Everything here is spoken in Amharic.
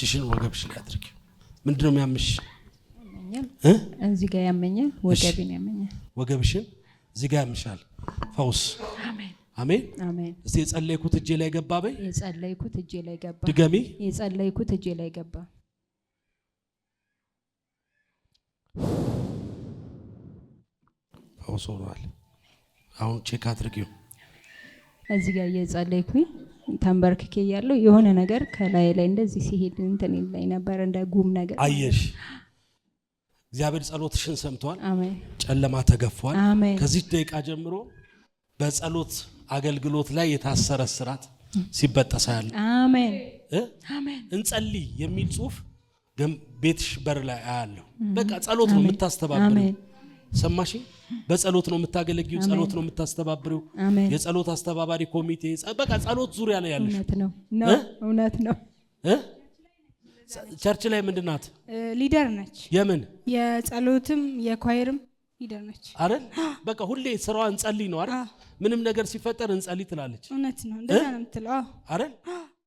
እጅሽን ወገብሽ ላይ አድርጊ። ምንድን ነው የሚያምሽ? እዚህ ጋር ያመኛል፣ ወገቤን ያመኛል። ወገብሽን እዚህ ጋር ያምሻል። ፈውስ አሜን እስ የጸለይኩት እጄ ላይ ገባ በይ። የጸለይኩት እጄ ላይ ገባ። ድገሚ። የጸለይኩት እጄ ላይ ገባ። ፈውስ ሆኗል። አሁን ቼክ አድርጊው እዚህ ጋር እየጸለይኩኝ ተንበርክኬ እያለሁ የሆነ ነገር ከላይ ላይ እንደዚህ ሲሄድ እንትን ላይ ነበር እንደ ጉም ነገር አየሽ። እግዚአብሔር ጸሎትሽን ሰምቷል። ጨለማ ተገፏል። ከዚህ ደቂቃ ጀምሮ በጸሎት አገልግሎት ላይ የታሰረ ስራት ሲበጠሳ ያለ አሜን እንጸልይ የሚል ጽሁፍ ቤትሽ በር ላይ አያለሁ። በቃ ጸሎት ነው የምታስተባብረው። ሰማሽኝ? በጸሎት ነው የምታገለግዩ ጸሎት ነው የምታስተባብሪው፣ የጸሎት አስተባባሪ ኮሚቴ በቃ ጸሎት ዙሪያ ነው ያለሽ። እውነት ነው። ቸርች ላይ ምንድናት? ሊደር ነች። የምን የጸሎትም የኳይርም ሊደር ነች አረን በቃ ሁሌ ስራዋ እንጸልይ ነው አረ ምንም ነገር ሲፈጠር እንጸልይ ትላለች። እውነት ነው። እንደዛ ነው የምትለው አረን